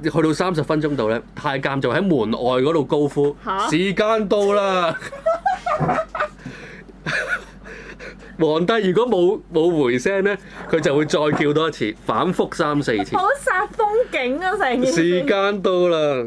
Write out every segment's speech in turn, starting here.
去到三十分鐘度咧，太監就喺門外嗰度高呼：哈時間到啦！ 皇帝如果冇冇回聲呢，佢就會再叫多一次，反覆三四次。好殺風景啊！成件事，時間到啦。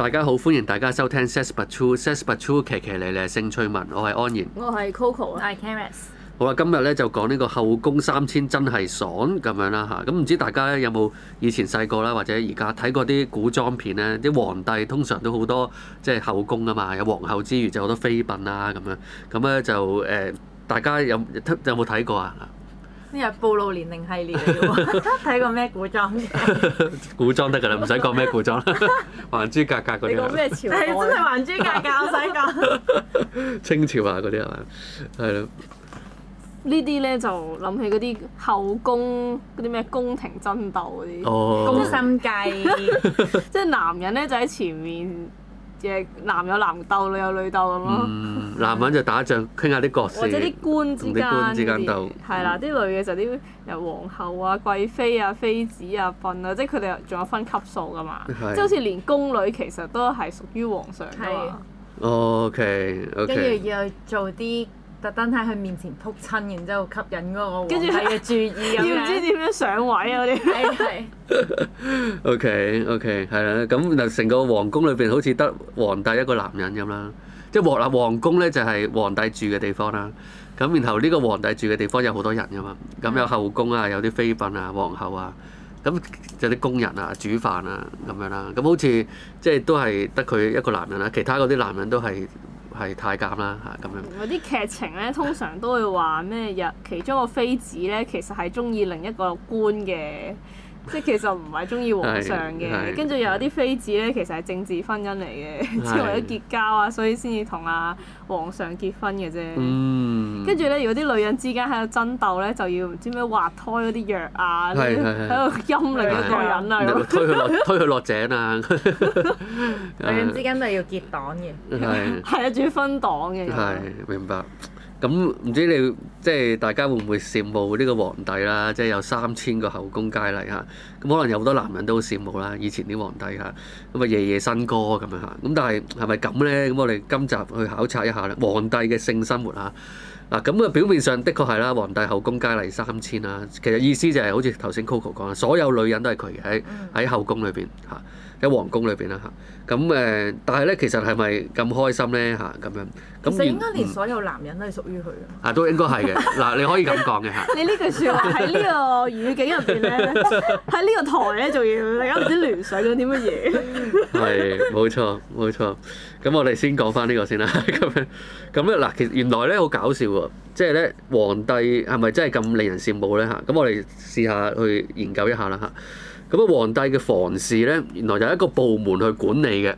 大家好，歡迎大家收聽《s e s but true》，《s a s but true》騎騎嚟嚟性趣文，我係安然，我係 Coco，我係 Charis。好啦，今日咧就講呢個後宮三千真係爽咁樣啦吓，咁唔知大家咧有冇以前細個啦，或者而家睇過啲古裝片咧，啲皇帝通常都好多即係後宮啊嘛，有皇后之餘就好多妃嬪啊咁樣，咁咧就誒、呃，大家有有冇睇過啊？呢係暴露年齡系列嘅喎，睇 過咩古裝 古裝得㗎啦，唔使講咩古裝啦， 格格《還珠 格格》嗰啲你講咩朝代？真係《還珠格格》，唔使講。清朝啊，嗰啲係咪？係 咯。呢啲咧就諗起嗰啲後宮嗰啲咩宮廷爭鬥嗰啲，宮、哦、心計， 即係男人咧就喺前面。亦男有男鬥，女有女鬥咁咯。嗯、 男人就打仗，傾下啲角色，或者啲官，官之間鬥。係、嗯、啦，啲女嘅就啲，又皇后啊、貴妃啊、妃子啊、嬪啊，即係佢哋仲有分級數㗎嘛。即係是好似連宮女其實都係屬於皇上㗎嘛。OK 跟住要做啲。特登喺佢面前撲親，然之後吸引嗰個，跟住係嘅注意，唔 知點樣上位啊、 okay, okay！我哋 OK OK，係啦，咁嗱，成個皇宮裏邊好似得皇帝一個男人咁啦，即係皇啊皇宮咧就係皇帝住嘅地方啦。咁然後呢個皇帝住嘅地方有好多人噶嘛，咁有後宮啊，有啲妃嬪啊、皇后啊，咁就啲工人啊、煮飯啊咁樣啦。咁好似即係都係得佢一個男人啦，其他嗰啲男人都係。係太監啦，嚇，咁樣。嗰啲劇情咧，通常都會話咩？日其中個妃子咧，其實係鍾意另一個官嘅。即係其實唔係中意皇上嘅，跟住又有啲妃子咧，其實係政治婚姻嚟嘅，即係為咗結交啊，所以先至同阿皇上結婚嘅啫。嗯。跟住咧，如果啲女人之間喺度爭鬥咧，就要唔知咩滑胎嗰啲藥啊，喺度陰另一個人啊，推佢落井啊。女人之間都係要結黨嘅，係，係啊，仲要分黨嘅。係，明白。咁唔知你即係大家會唔會羨慕呢個皇帝啦？即係有三千個後宮佳麗嚇，咁可能有好多男人都好羨慕啦。以前啲皇帝嚇咁啊，夜夜笙歌咁樣嚇。咁但係係咪咁呢？咁我哋今集去考察一下啦，皇帝嘅性生活嚇。嗱，咁嘅、啊、表面上的確係啦，皇帝後宮佳麗三千啦，其實意思就係、係、好似頭先 Coco 講啦，所有女人都係佢嘅喺喺後宮裏邊嚇，喺皇宮裏邊啦嚇。咁、啊、誒，但係咧，其實係咪咁開心咧嚇咁樣？咁、啊、應該連所有男人都係屬於佢 啊！都應該係嘅。嗱，你可以咁講嘅嚇。你呢句説話喺呢個語境入邊咧，喺呢 個台咧，仲要你唔知聯想緊啲乜嘢？係， 冇錯，冇錯。咁我哋先講翻呢個先啦。咁樣咁咧嗱，其實原來咧好搞笑喎，即係咧皇帝係咪真係咁令人羨慕咧？嚇咁我哋試下去研究一下啦。嚇咁啊，皇帝嘅房事咧原來就係一個部門去管理嘅。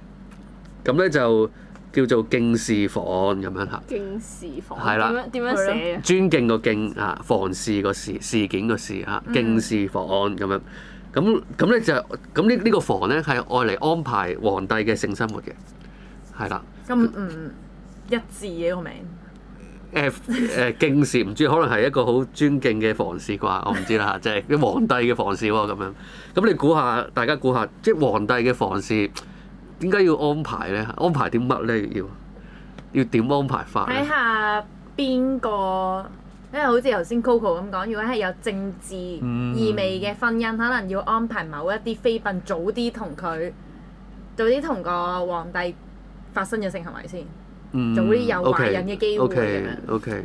咁咧就叫做敬事房咁樣吓，敬事房。係啦。點樣寫尊敬個敬啊，房事個事事件個事吓，敬事房咁、嗯、樣咁咁咧就咁呢？呢個房咧係愛嚟安排皇帝嘅性生活嘅。係啦，咁唔一致嘅個名。誒誒、欸欸，敬事唔知可能係一個好尊敬嘅房事啩，我唔知啦， 即係啲皇帝嘅房事喎咁樣。咁你估下，大家估下，即係皇帝嘅房事點解要安排咧？安排點乜咧？要要點安排法？睇下邊個，因為好似頭先 Coco 咁講，如果係有政治意味嘅婚姻，嗯嗯可能要安排某一啲妃嬪早啲同佢，早啲同個皇帝。發生嘅性行為先，就會、嗯、有懷孕嘅機會咁樣。OK。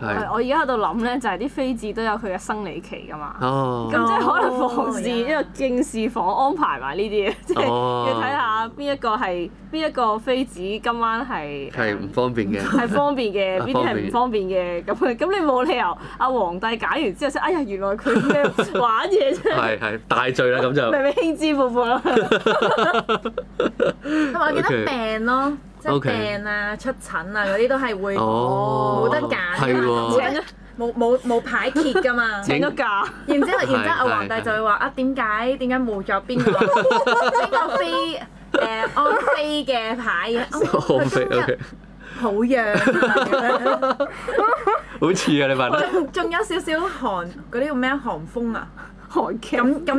我而家喺度諗咧，就係啲妃子都有佢嘅生理期噶嘛，咁、哦、即係可能房事，因為敬事房安排埋呢啲嘢，哦、即係要睇下邊一個係邊一個妃子今晚係係唔方便嘅，係方便嘅，邊啲係唔方便嘅咁，咁你冇理由阿皇帝解完之後先，即哎呀原來佢咩玩嘢啫，係係 大罪啦咁就， 明明興致勃勃咯，同 埋 Okay. 記得病咯。即係病啊、出診啊嗰啲都係會冇得揀，請咗冇冇冇牌揭㗎嘛，請咗假。然之後，然之後，阿皇帝就會話：啊，點解點解冇咗邊個邊個飛誒安飛嘅牌嘅？今日好樣，好似啊！你問，仲有少少寒嗰啲叫咩寒風啊？韓劇感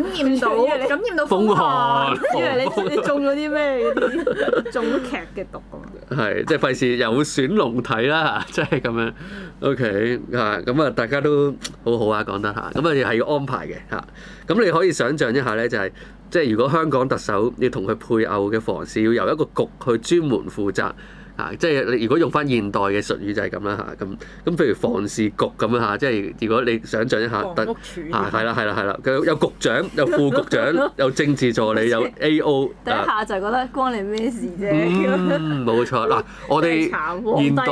染到， 感染到風寒， 以為你你中咗啲咩？中咗劇嘅毒咁。係， 即係費事又會損龍體啦，即係咁樣。OK，嚇咁啊，大家都好好啊，講得嚇。咁啊，又係要安排嘅嚇。咁你可以想象一下咧，就係即係如果香港特首要同佢配偶嘅房事，要由一個局去專門負責。啊，即係你如果用翻現代嘅術語就係咁啦嚇，咁咁譬如房事局咁樣嚇，即係如果你想象一下，等啊屋得，係啦係啦係啦，佢有局長、有副局長、有政治助理、有 A.O. 第一下就覺得關你咩事啫咁、嗯、樣。冇錯嗱，我哋現代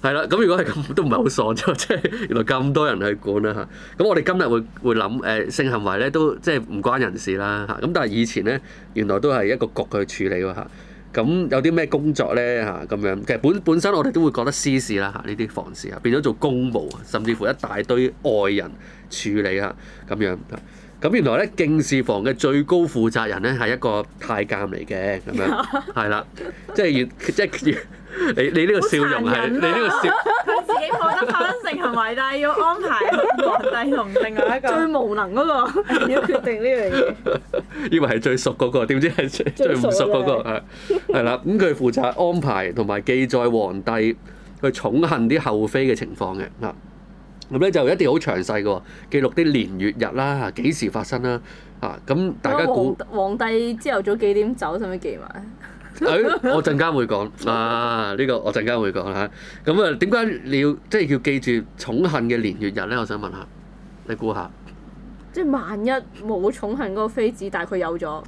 係啦，咁如果係咁都唔係好爽咗，即係原來咁多人去管啦嚇。咁、嗯、我哋今日會會諗誒性行為咧都即係唔關人事啦嚇，咁但係以前咧原來都係一個局去處理喎嚇。咁有啲咩工作呢？嚇、啊、咁樣，其實本本身我哋都會覺得私事啦嚇，呢、啊、啲房事啊變咗做公務啊，甚至乎一大堆外人處理啊咁樣。啊。咁原來咧，敬事房嘅最高負責人咧係一個太監嚟嘅，咁樣係啦， 即係要即係要你你呢個笑容係你呢個笑佢自己冇得發聲係咪？但係要安排皇帝同另外一個最無能嗰個要決定呢樣嘢。以為係最熟嗰個，點知係最唔熟嗰個？係係啦，咁佢負責安排同埋記載皇帝去寵幸啲後妃嘅情況嘅啊。咁咧就一定好詳細嘅記錄啲年月日啦，幾時發生啦，啊咁大家估皇，皇帝朝頭早幾點走，使唔使記埋？誒，我陣間會講啊，呢個我陣間會講啦。咁啊，點解你要即係要記住寵幸嘅年月日咧？我想問下，你估下？即係萬一冇寵幸嗰個妃子，但係佢有咗，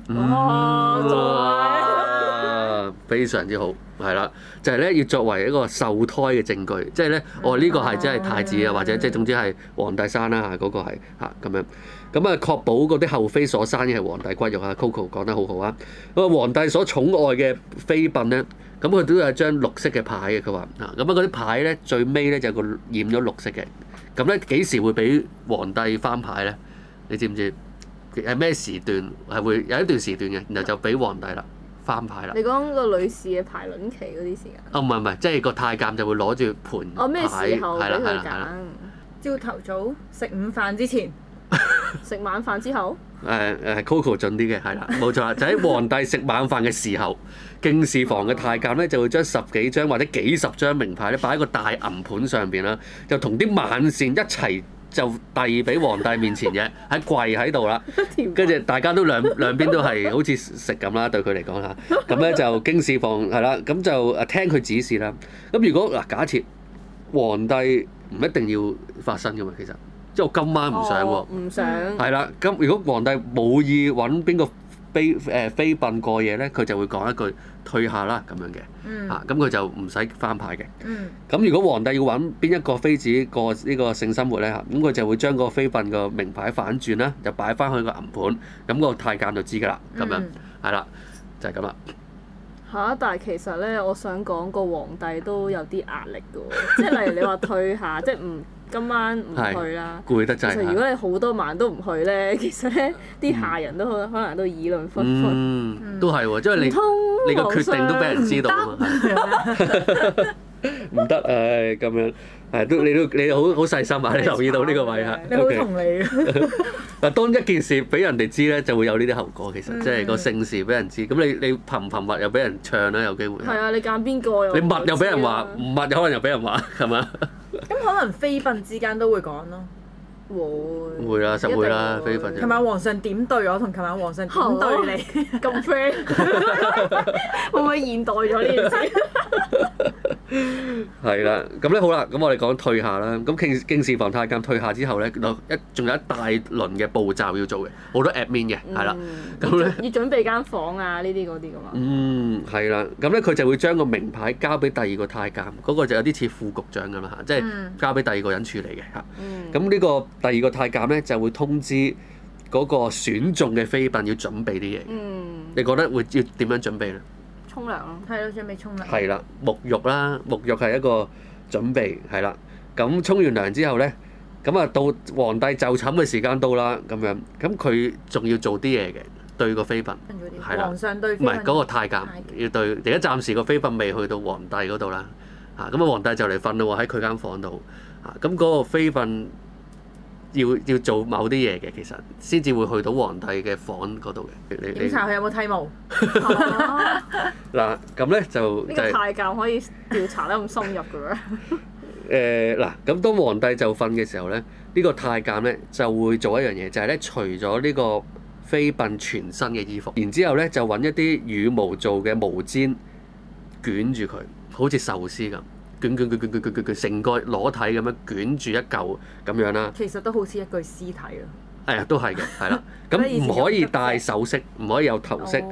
非常之好，係啦，就係咧要作為一個受胎嘅證據，即係咧，哦呢個係真係太子啊，哎、或者即係總之係皇帝生啦嚇，嗰個係咁樣，咁啊確保嗰啲後妃所生嘅係皇帝骨肉啊，Coco 講得好好啊，咁皇帝所寵愛嘅妃嬪咧，咁佢都有一張綠色嘅牌嘅，佢話啊，咁啊嗰啲牌咧最尾咧就係個染咗綠色嘅，咁咧幾時會俾皇帝翻牌咧？你知唔知係咩時段係會有一段時段嘅，然後就俾皇帝啦，翻牌啦。你講個女士嘅排卵期嗰啲時間？哦，唔係唔係，即係個太監就會攞住盤牌。哦，咩時候？係啦係啦。朝頭早食午飯之前，食 晚飯之後。誒誒，Coco 準啲嘅，係啦，冇錯啦，就喺皇帝食晚飯嘅時候，敬事房嘅太監咧就會將十幾張或者幾十張名牌咧擺喺個大銀盤上邊啦，就同啲晚膳一齊。就遞俾皇帝面前嘅，喺 跪喺度啦，跟住 大家都兩兩邊都係好似食咁啦，對佢嚟講嚇，咁咧 就經事房係啦，咁就誒聽佢指示啦。咁如果嗱假設皇帝唔一定要發生㗎嘛，其實即係我今晚唔想喎，哦，唔想，係啦。咁如果皇帝冇意揾邊個妃誒妃嬪過夜咧，佢就會講一句退下啦咁樣嘅，嚇咁佢就唔使翻牌嘅。咁、嗯、如果皇帝要揾邊一個妃子過呢個性生活咧嚇，咁、啊、佢就會將個妃嬪個名牌反轉啦，就擺翻去個銀盤，咁、個太監就知㗎啦，咁、嗯、樣係啦，就係咁啦。嚇、啊！但係其實咧，我想講個皇帝都有啲壓力㗎喎，即係例如你話退下，即係唔。今晚唔去啦，攰得滯。如果你好多晚都唔去呢，的其實呢啲下人都很可能都議論紛紛。嗯、都係喎，因為你你個決定都俾人知道啊嘛、啊，唔得，唉，咁樣。係，都你都你好好細心啊！你留意到呢個位係。你好同理啊。嗱、okay. 當一件事俾人哋知咧，就會有呢啲後果。其實，即係個姓氏俾人知，咁你你頻唔頻密又俾人唱啦、啊，有機會有。係啊，你揀邊個你密又俾人話，唔密 可能又俾人話，係咪啊？咁、嗯嗯、 可能非分之間都會講咯。會啦，實會啦，呢啲份就琴晚皇上點對我同琴晚皇上點對你咁 friend？可唔可以現代咗呢件事？係啦，咁咧好啦，咁我哋講退下啦。咁敬，敬事房太監退下之後咧，一仲有一大輪嘅步驟要做嘅，好多 admin 嘅，係啦。咁咧要準備間房啊，呢啲嗰啲咁嘛。嗯，係啦，咁咧佢就會將個名牌交俾第二個太監，嗰個就有啲似副局長咁啦嚇，即係交俾第二個人處理嘅嚇。咁呢個第二個太監咧，就會通知嗰個選中嘅妃嬪要準備啲嘢。嗯，你覺得會要點樣準備咧？沖涼咯，係咯，要準備沖涼。係啦，沐浴啦，沐浴係一個準備係啦。咁沖完涼之後咧，咁啊到皇帝就寢嘅時間到啦。咁樣咁佢仲要做啲嘢嘅，對個妃嬪。係、嗯、皇上對妃嬪唔係嗰個太監要對，而家暫時個妃嬪未去到皇帝嗰度啦。啊咁啊，皇帝就嚟瞓啦喎，喺佢間房度啊。咁、那、嗰個妃嬪。那個要要做某啲嘢嘅，其實先至會去到皇帝嘅房嗰度嘅。你，你檢查佢有冇剃毛。嗱、 啊，咁呢就呢、就是、個太監可以調查得咁深入嘅咩？嗱、 啊、咁、啊、當皇帝就瞓嘅時候呢，呢、這個太監呢就會做一樣嘢，就係、是、呢除咗呢個妃嬪全身嘅衣服，然之後呢就揾一啲羽毛做嘅毛籤毛氈捲住佢，好似壽司咁。捲卷卷卷卷捲成個裸體咁樣捲住一嚿咁樣啦、啊哎，其實都好似一具屍體咯。係 啊，都係嘅，係啦。咁唔可以戴首飾，唔可以有頭飾。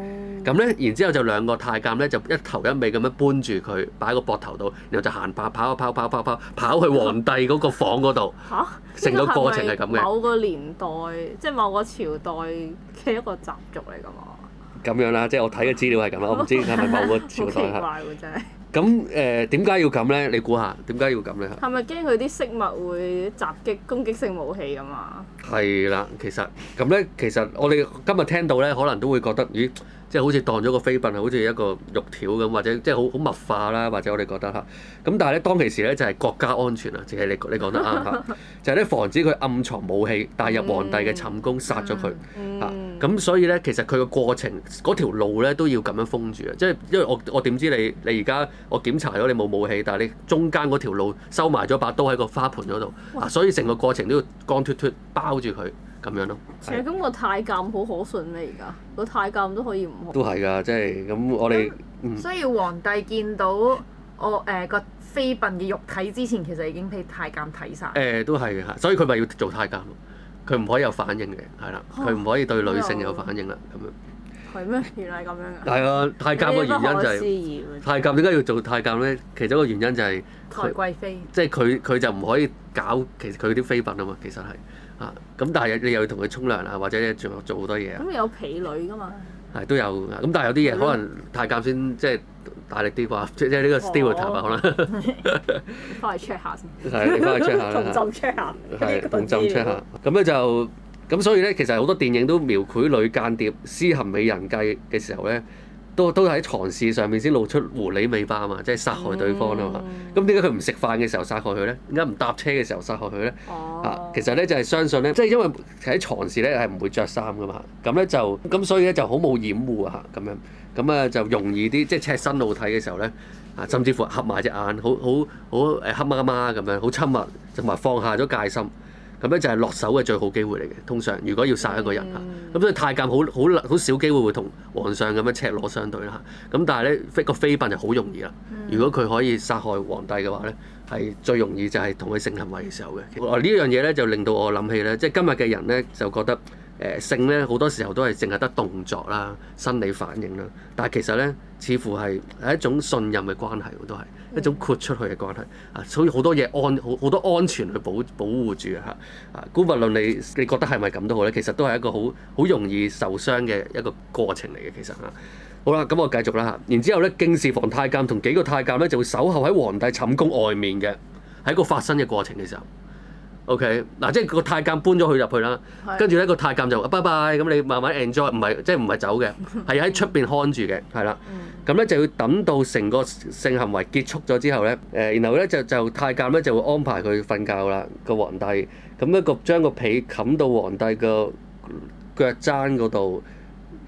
咁咧、嗯，然後之後就兩個太監咧，就一頭一尾咁樣搬住佢，擺個膊頭度，然後就行跑跑跑跑跑跑，跑，跑，跑去皇帝嗰個房嗰度。成、啊、個過程係咁嘅。啊、是是某個年代，即係某個朝代嘅一個習俗嚟㗎嘛。咁樣啦、啊，即、就、係、是、我睇嘅資料係咁啦。我唔知係咪某個朝代真、啊、係。 咁誒點解要咁咧？你估下點解要咁咧？係咪驚佢啲飾物會襲擊攻擊性武器啊嘛？係啦，其實咁咧，其實我哋今日聽到咧，可能都會覺得，咦，即係好似當咗個妃嬪，好似一個肉條咁，或者即係好好物化啦，或者我哋覺得吓，咁但係咧，當其時咧就係國家安全啊，即係你你講得啱就係咧，防止佢暗藏武器帶入皇帝嘅寢宮殺咗佢，咁所以咧，其實佢個過程嗰條路咧都要咁樣封住，即係因為我我點知你你而家我檢查咗你冇武器，但係你中間嗰條路收埋咗把刀喺個花盆嗰度，所以成個過程都要光脱脱包。好住佢咁樣咯。誒咁個太監好可信咩？而家個太監都可以唔好。都係㗎，即係咁我哋。嗯、所以皇帝見到我誒、呃、個妃嬪嘅肉體之前，其實已經俾太監睇晒。誒、呃，都係嘅，所以佢咪要做太監咯。佢唔可以有反應嘅，係啦，佢唔、哦、可以對女性有反應啦。咁、哦、樣。係咩？原來係咁樣、啊。係啊，太監嘅原因就係、是啊、太監點解要做太監咧？其中一個原因就係。太貴妃。即係佢佢就唔可以搞其實佢啲妃嬪啊嘛，其實係。啊！咁但係你又要同佢沖涼啦，或者做做好多嘢咁、啊、有婢女㗎嘛？係都有咁，但係有啲嘢的可能太監先即係大力啲啩，即係呢個 stable 塔可能翻去 check 下先。翻去 check 下啦。同 check 下。咁咧 的就咁，所以咧其實好多電影都描繪女間諜施行美人計嘅時候咧。都都喺床事上面先露出狐狸尾巴啊嘛，即係殺害對方啊嘛，mm。咁點解佢唔食飯嘅時候殺害佢咧？點解唔搭車嘅時候殺害佢咧？啊，oh。其實咧就係相信咧，即係因為喺床事咧係唔會着衫噶嘛。咁咧就咁，所以咧就好冇掩護啊，咁樣咁啊就容易啲，即係赤身露體嘅時候咧啊，甚至乎黑埋隻眼，好好好誒黑媽媽咁樣，好親密同埋放下咗戒心。咁咧就係落手嘅最好機會嚟嘅，通常如果要殺一個人嚇。咁所以太監好好好少機會會同皇上咁樣赤裸相對啦，咁但係咧個妃嬪就好容易啦，如果佢可以殺害皇帝嘅話咧，係最容易就係同佢性行為嘅時候嘅。哦，嗯、樣呢樣嘢咧就令到我諗起咧，即、就、係、是、今日嘅人咧就覺得。誒性咧好多時候都係淨係得動作啦、生理反應啦，但係其實咧似乎係係一種信任嘅關係，都係一種豁出去嘅關係啊，所以好多嘢安好好多安全去保保護住嘅嚇啊。估你姑勿論，你你覺得係咪咁都好咧？其實都係一個好好容易受傷嘅一個過程嚟嘅，其實嚇、啊。好啦，咁我繼續啦嚇。然之後咧，敬事房太監同幾個太監咧就會守候喺皇帝寢宮外面嘅，喺個發生嘅過程嘅時候。O.K. 嗱、啊，即係個太監搬咗佢入去啦，跟住咧個太監就拜拜咁，你慢慢 enjoy，唔係即係唔係走嘅，係喺出邊看住嘅，係啦。咁咧 就要等到成個性行為結束咗之後咧，誒、呃，然後咧就就太監咧就會安排佢瞓覺啦，個皇帝咁咧個將個被冚到皇帝個腳踭嗰度，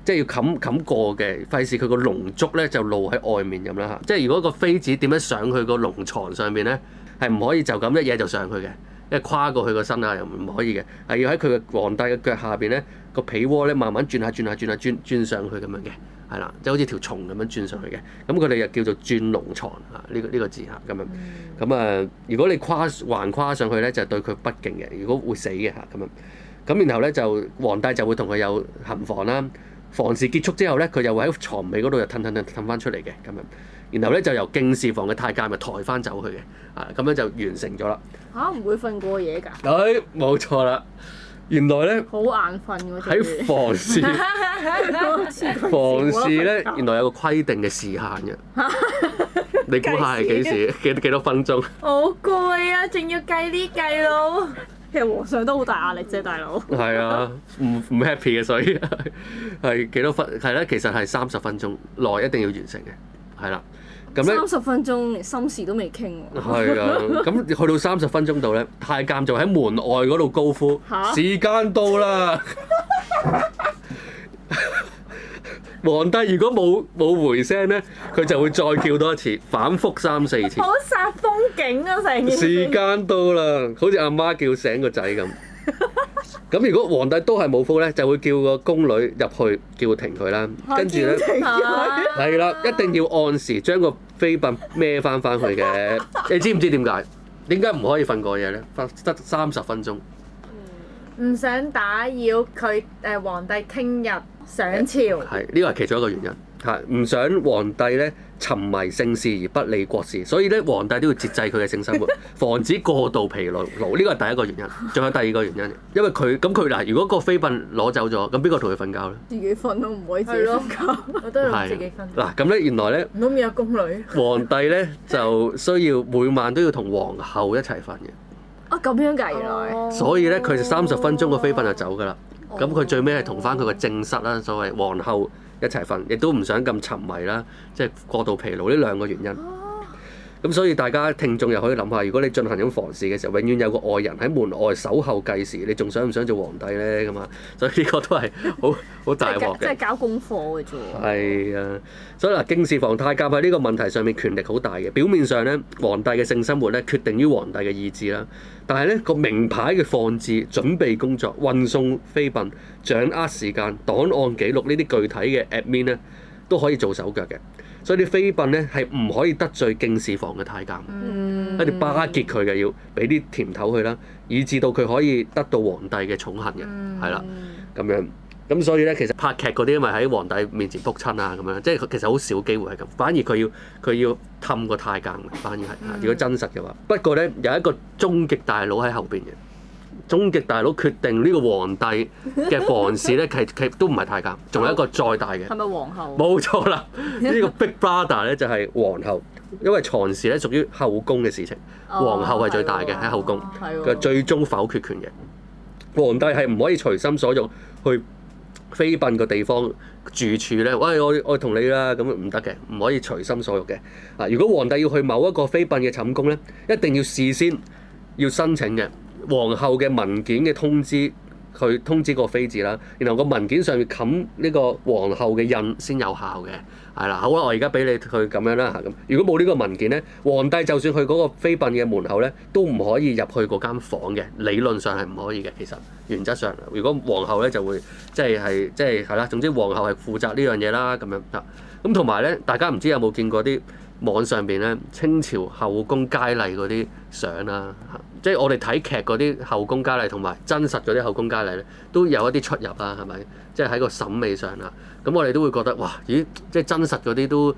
即係要冚冚過嘅，費事佢個龍足咧就露喺外面咁啦嚇。即係如果個妃子點樣上去個龍床上面咧，係唔可以就咁一嘢就上去嘅。即係跨過去個身啊，又唔可以嘅，係要喺佢嘅皇帝嘅腳下邊咧，個被窩咧慢慢轉下轉下轉下轉轉上去咁樣嘅，係啦，就好似條蟲咁樣轉上去嘅。咁佢哋又叫做「轉龍床」，嚇、呢個，呢個呢個字嚇咁樣。咁啊，如果你跨橫跨上去咧，就係、對佢不敬嘅，如果會死嘅嚇咁樣。咁然後咧就皇帝就會同佢有行房啦，房事結束之後咧，佢又會喺床尾嗰度就褪褪褪褪翻出嚟嘅咁樣。然後咧就由敬事房嘅太監咪抬翻走去嘅，啊咁樣就完成咗啦。嚇唔、啊、會瞓過夜㗎？對、哎，冇錯啦。原來咧好眼瞓嗰啲喺房事房事咧，原來有個規定嘅時限嘅。你估下係幾時？幾幾多分鐘？好攰啊！仲要計呢計囉，其實皇上都好大壓力啫，大佬。係啊，唔唔 happy 嘅，所以係幾多分？係啦，其實係三十分鐘內一定要完成嘅，係啦。三十分鐘連心事都未傾喎。係啊， 咁去到三十分鐘度咧，太監就喺門外嗰度高呼：哈時間到啦！皇 帝如果冇冇回聲咧，佢就會再叫多一次，反覆三四次。好煞風景啊！成件時間到啦，好似阿媽，媽叫醒個仔咁。咁如果皇帝都係冇福咧，就會叫個宮女入去叫他停佢啦。啊、跟住咧，係啦、啊，一定要按時將個妃嬪孭翻翻去嘅。 你知唔知點解？點解唔可以瞓過夜咧？得得三十分鐘。唔、嗯、想打擾佢誒、呃、皇帝聽日上朝。係呢個係其中一個原因。係唔想皇帝咧沉迷性事而不理國事，所以咧皇帝都要節制佢嘅性生活，防止過度疲勞。呢個係第一個原因。仲有第二個原因，因為佢咁佢嗱，如果個妃嬪攞走咗，咁邊個同佢瞓覺咧？自己瞓都唔可以自己瞓，的我都係自己瞓。嗱咁咧，原來咧，唔通未有宮女。皇帝咧就需要每晚都要同皇后一齊瞓嘅。啊，咁樣計原來。所以咧，佢就三十分鐘個妃嬪就走㗎啦。咁佢、哦、最尾係同翻佢個正室啦，所謂皇后。一齊瞓，亦都唔想咁沉迷啦，即係過度疲勞呢兩個原因。咁所以大家聽眾又可以諗下，如果你進行咗房事嘅時候，永遠有個外人喺門外守候計時，你仲想唔想做皇帝呢？咁啊，所以呢個都係好好大鑊嘅。即係搞功課嘅啫。係啊，所以嗱，敬事房太監喺呢個問題上面權力好大嘅。表面上呢，皇帝嘅性生活呢，決定於皇帝嘅意志啦，但係呢個名牌嘅放置、準備工作、運送妃嬪、掌握時間、檔案記錄呢啲具體嘅 admin 咧，都可以做手腳嘅。所以啲妃嬪咧，係唔可以得罪敬事房嘅太監，一啲、嗯、巴結佢嘅，要俾啲甜頭佢啦，以至到佢可以得到皇帝嘅寵幸嘅，係啦咁樣。咁所以咧，其實拍劇嗰啲咪喺皇帝面前仆親啊咁樣，即係其實好少機會係咁，反而佢要佢要氹個太監，反而係。如果真實嘅話，嗯、不過咧，有一個終極大佬喺後邊嘅。終極大佬決定呢個皇帝嘅房事咧，其其都唔係太監，仲有一個再大嘅。係咪 皇后、啊？冇錯啦，呢、這個 Big Brother 咧就係、是、皇后，因為床事咧屬於後宮嘅事情，哦、皇后係最大嘅喺、哦、後宮嘅、哦、最終否決權嘅。哦、皇帝係唔可以隨心所欲去妃嬪個地方住處咧。喂我我同你啦，咁唔得嘅，唔可，可以隨心所欲嘅。啊，如果皇帝要去某一個妃嬪嘅寢宮咧，一定要事先要申請嘅。皇后嘅文件嘅通知，佢通知個妃子啦，然後個文件上面冚呢個皇后嘅印先有效嘅，係啦。好啦，我而家俾你去咁樣啦嚇咁。如果冇呢個文件咧，皇帝就算去嗰個妃嬪嘅門口咧，都唔可以入去嗰間房嘅。理論上係唔可以嘅，其實原則上，如果皇后咧就會即係係即係係啦。總之皇后係負責呢樣嘢啦，咁樣嚇。咁同埋咧，大家唔知有冇見過啲網上邊咧清朝後宮佳麗嗰啲相啦，即係我哋睇劇嗰啲後宮佳麗同埋真實嗰啲後宮佳麗咧，都有一啲出入啦、啊，係咪？即係喺個審美上啦、啊，咁我哋都會覺得哇，咦，即係真實嗰啲都誒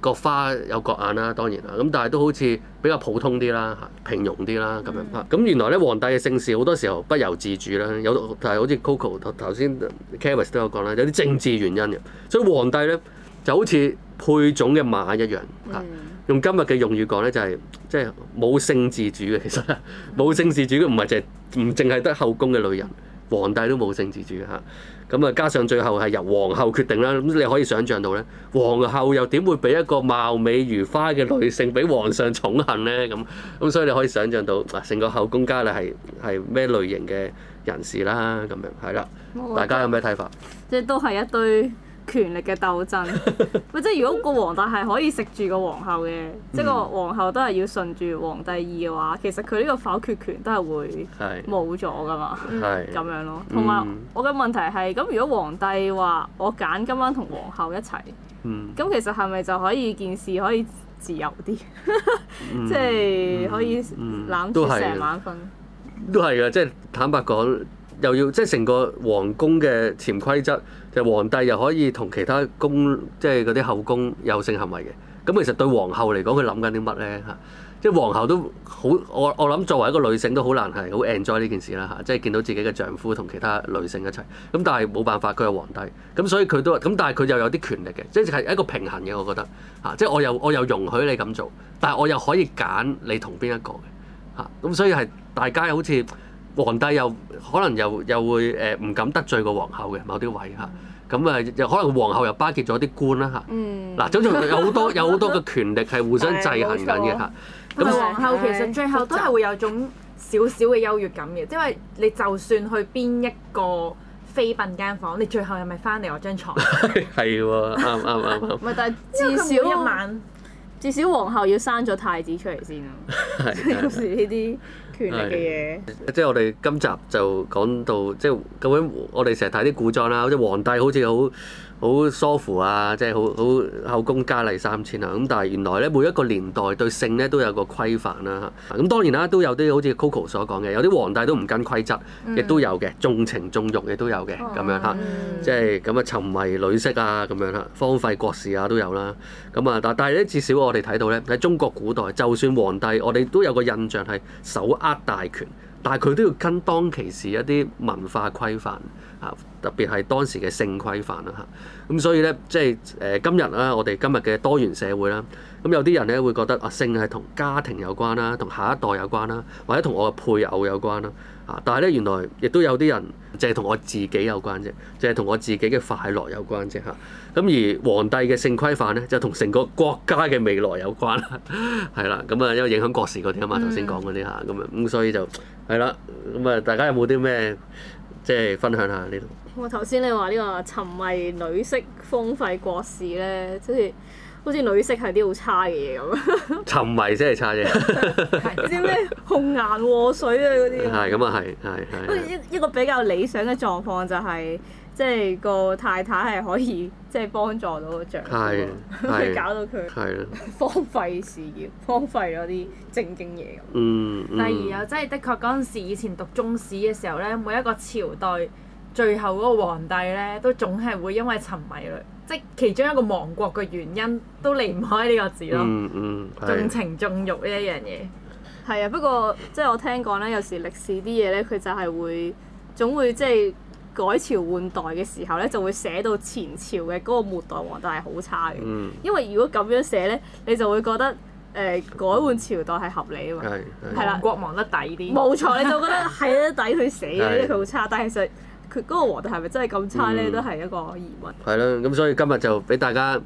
各、呃、花有各眼啦、啊，當然啦、啊，咁但係都好似比較普通啲啦、啊，平庸啲啦咁樣啦、啊。咁原來咧皇帝嘅性事好多時候不由自主啦、啊，有但係好似 Coco 頭先 Charis 都有講啦、啊，有啲政治原因嘅、啊，所以皇帝咧就好似。配種嘅馬一樣嚇，用今日嘅用語講咧就係、是，即係冇性自主嘅其實，冇性自主嘅唔係就係唔淨係得後宮嘅女人，皇帝都冇性自主嚇。咁啊加上最後係由皇后決定啦，咁你可以想像到咧，皇后又點會俾一個貌美如花嘅女性俾皇上寵幸咧？咁咁所以你可以想像到，嗱，成個後宮家咧係係咩類型嘅人士啦？咁樣係啦，大家有咩睇法？即係、就是、都係一堆。權力嘅鬥爭，喂， 即係如果個皇帝係可以食住個皇后嘅，嗯、即係個皇后都係要順住皇帝意嘅話，其實佢呢個否決權都係會冇咗噶嘛，咁是樣咯。同埋是我嘅問題係，咁、嗯、如果皇帝話我揀今晚同皇后一齊，咁、嗯、其實係咪就可以件事可以自由啲，即 係可以攬住成晚瞓？都係嘅，即係晚坦白講，又要即係成個皇宮嘅潛規則。就皇帝又可以同其他宮即係嗰啲後宮有性行為嘅，咁其實對皇后嚟講，佢諗緊啲乜咧嚇？即係皇后都好，我我諗作為一個女性都好難係好 enjoy 呢件事啦嚇，即係見到自己嘅丈夫同其他女性一齊，咁但係冇辦法，佢係皇帝，咁所以佢都咁，但係佢又有啲權力嘅，即係一個平衡嘅，我覺得嚇，即係我又我又容許你咁做，但係我又可以揀你同邊一個嘅嚇，咁所以係大家好似。皇帝又可能又又會誒唔、呃、敢得罪個皇后嘅某啲位嚇，咁啊又可能皇后又巴結咗啲官啦嚇，嗱、啊嗯、總之有好多有好多嘅權力係互相制衡緊嘅嚇。咁皇后其實最後都係會有種少少嘅優越感嘅，因為你就算去邊一個妃嬪間房，你最後又咪翻嚟我張床。係喎、 哦，啱啱啱。唔係 ，但係 至少一晚。至少皇后要生咗太子出嚟先啊！即係嗰時呢啲權力嘅嘢。 即係我哋今集就講到，即係各位，我哋成日睇啲古裝啦，好似皇帝好似好。好舒服啊，即係好好後宮佳麗三千啊，咁但係原來咧每一個年代對性咧都有個規範啦、啊。咁、啊、當然啦、啊，都有啲好似 Coco 所講嘅，有啲皇帝都唔跟規則，亦、嗯、都有嘅，重情重欲亦都有嘅咁樣嚇，即係咁啊沉迷女色啊咁樣啦，荒廢國事啊都有啦。咁啊，但但係咧至少我哋睇到咧喺中國古代，就算皇帝，我哋都有個印象係手握大權，但係佢都要跟當其時一啲文化規範啊，特別係當時嘅性規範啦嚇。咁所以呢，即係誒今日啦，我哋今日嘅多元社會啦，咁有啲人呢，會覺得啊，性係同家庭有關啦，同下一代有關啦，或者同我嘅配偶有關啦啊。但係呢，原來亦都有啲人淨係同我自己有關啫，淨係同我自己嘅快樂有關啫嚇。咁、啊、而皇帝嘅性規範呢，就同成個國家嘅未來有關啦，係、啊、啦。咁 啊，因為影響國事嗰啲啊嘛，頭先講嗰啲吓。咁啊咁，所以就。係啦，咁啊，大家有冇啲咩即係分享下呢度？我頭先你話呢個沉迷女色，荒廢國事咧、即係，好似好似女色係啲好差嘅嘢咁。 沉迷先係差嘢，啲 咩 紅顏禍水啊嗰啲。係咁啊，係係係。不過一一個比較理想嘅狀況就係、是。即係、個太太係可以即係幫助到個丈夫，去的 搞到佢荒廢事業，荒廢咗啲正經嘢咁。嗯嗯、第二又真係的確嗰陣時，以前讀中史嘅時候咧，每一個朝代最後嗰個皇帝咧，都總係會因為沉迷，即係其中一個亡國嘅原因都離唔開呢個字咯、嗯。嗯嗯，縱情縱欲呢一樣嘢。係啊、嗯嗯，不過即係我聽講咧，有時歷史啲嘢咧，佢就係會總會即係。改朝換代嘅時候咧，就會寫到前朝嘅嗰個末代皇帝係好差嘅，嗯、因為如果咁樣寫咧，你就會覺得誒、呃、改換朝代係合理啊嘛，係啦，國亡得抵啲。冇錯，你就覺得係得抵佢死啊，佢好 差。但係其實佢嗰、嗰個皇帝係咪真係咁差咧，嗯、都係一個疑問。係啦，咁所以今日就俾大家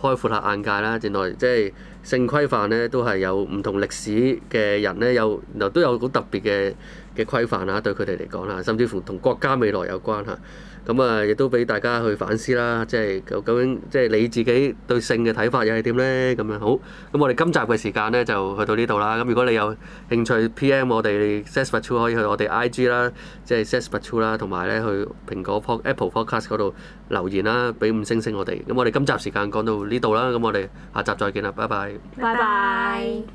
開闊下眼界啦，原來即係性規範咧都係有唔同歷史嘅人咧有，然都有好特別嘅。嘅規範啊，對佢哋嚟講啦，甚至乎同國家未來有關吓。咁啊，亦都俾大家去反思啦。即係究竟，即係你自己對性嘅睇法又係點呢？咁樣好。咁我哋今集嘅時間呢就去到呢度啦。咁如果你有興趣 PM 我哋 Sayspectool，可以去我哋 IG 啦，即係 Sayspectool 啦，同埋咧去蘋果 Pod Apple Podcast 嗰度留言啦，俾五星星我哋。咁我哋今集時間講到呢度啦。咁我哋下集再見啊！拜拜。拜拜。